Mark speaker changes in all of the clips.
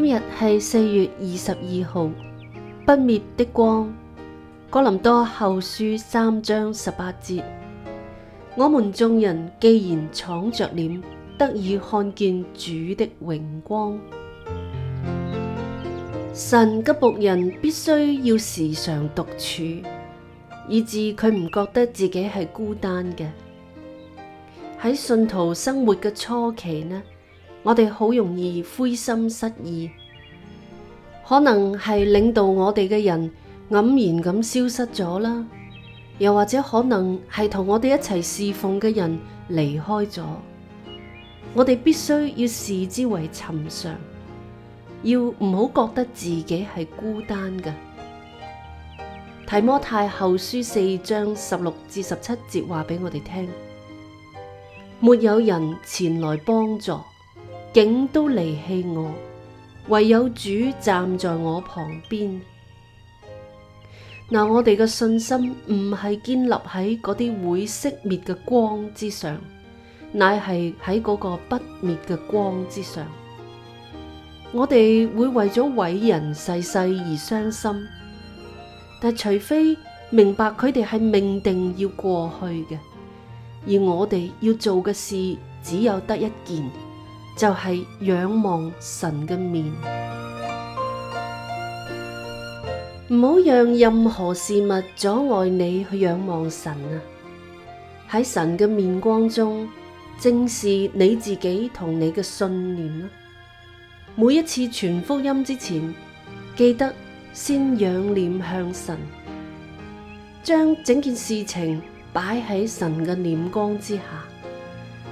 Speaker 1: 今日係四月二十二號，《不滅的光》哥林多後書三章十八節：我們眾人既然敞着臉得以看見主的榮光，神嘅僕人必須要時常獨處，以至佢唔覺得自己係孤單嘅。喺信徒生活嘅初期呢，我哋好容易灰心失意，可能係領導我哋嘅人黯然咁消失咗啦，又或者可能係同我哋一齊侍奉嘅人離開咗。我哋必須要視之為尋常，要唔好覺得自己係孤單嘅。提摩太後書四章十六至十七節話俾我哋聽：「沒有人前來幫助。竟都離棄我，唯有主站在我旁邊。嗱，我哋嘅信心唔係建立喺嗰啲會熄滅嘅光之上，乃係喺嗰個不滅嘅光之上。我哋會為咗偉人逝世而傷心，但係除非明白佢哋係命定要過去嘅，而我哋要做嘅事只有得一件。就係仰望神嘅面，唔好讓任何事物阻礙你去仰望神啊！喺神嘅面光中，正是你自己同你嘅信念啊！每一次傳福音之前，記得先仰臉向神，將整件事情擺喺神嘅臉光之下，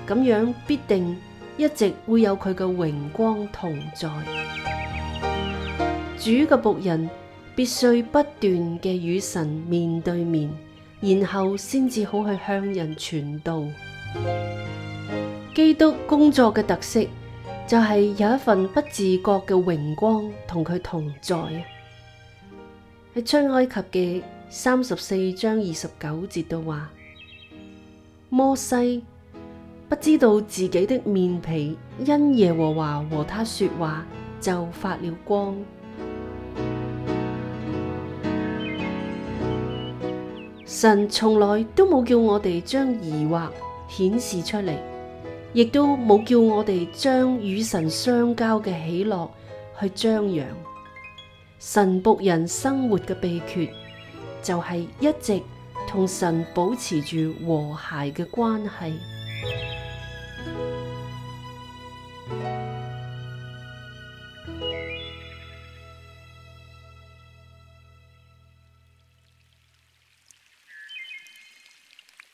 Speaker 1: 咁樣必定。一直會有佢嘅榮光同在，主嘅僕人必須不斷嘅與神面對面，然後先至好去向人傳道。基督工作嘅特色就係有一份不自覺嘅榮光同佢同在。喺出埃及嘅三十四章二十九節度話，摩西。不知道自己的面皮，因耶和華和他說話就發了光。神從來都冇叫我哋將疑惑顯示出嚟，亦都冇叫我哋將與神相交嘅喜樂去張揚。神僕人生活嘅秘訣就係一直同神保持住和諧嘅關係。